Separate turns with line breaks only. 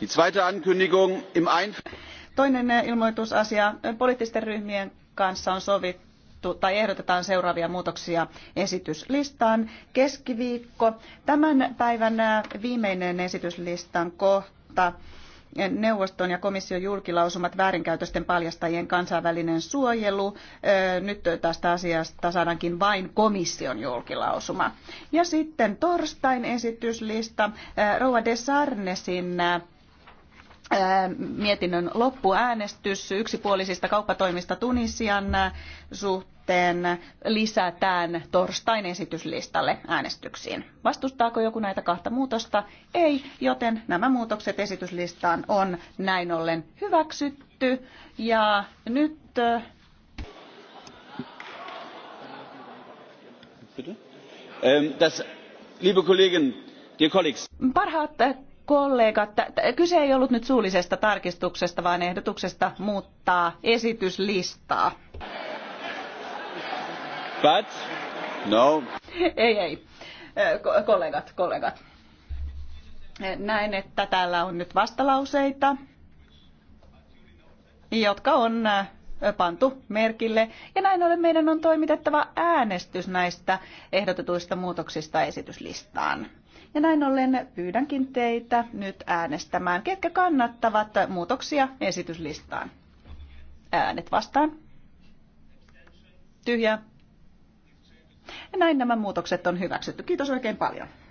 Die zweite Ankündigung im Toinen äh, ilmoitusasia poliittisten ryhmien kanssa on sovittu tai ehdotetaan seuraavia muutoksia esityslistaan. Keskiviikko. Tämän päivän äh, viimeinen esityslistan kohta neuvoston ja komission julkilausumat väärinkäytösten paljastajien kansainvälinen suojelu. Äh, nyt tästä asiasta saadaankin vain komission julkilausuma. Ja sitten torstain esityslista. Rouva Desarnesin mietinnön loppuäänestys yksipuolisista kauppatoimista Tunisian suhteen lisätään torstain esityslistalle äänestyksiin. Vastustaako joku näitä kahta muutosta? Ei, joten nämä muutokset esityslistaan on näin ollen hyväksytty. Ja nyt... Ähm, das, liebe Kollegen, dear colleagues. Parhaat kollegat, kyse ei ollut nyt suullisesta tarkistuksesta, vaan ehdotuksesta muuttaa esityslistaa. But, no. Ei, ei. Kollegat, kollegat. Näen että täällä on nyt vastalauseita, jotka on pantu merkille. Ja näin ollen meidän on toimitettava äänestys näistä ehdotetuista muutoksista esityslistaan. Ja näin ollen pyydänkin teitä nyt äänestämään, ketkä kannattavat muutoksia esityslistaan. Äänet vastaan. Tyhjä. Ja näin nämä muutokset on hyväksytty. Kiitos oikein paljon.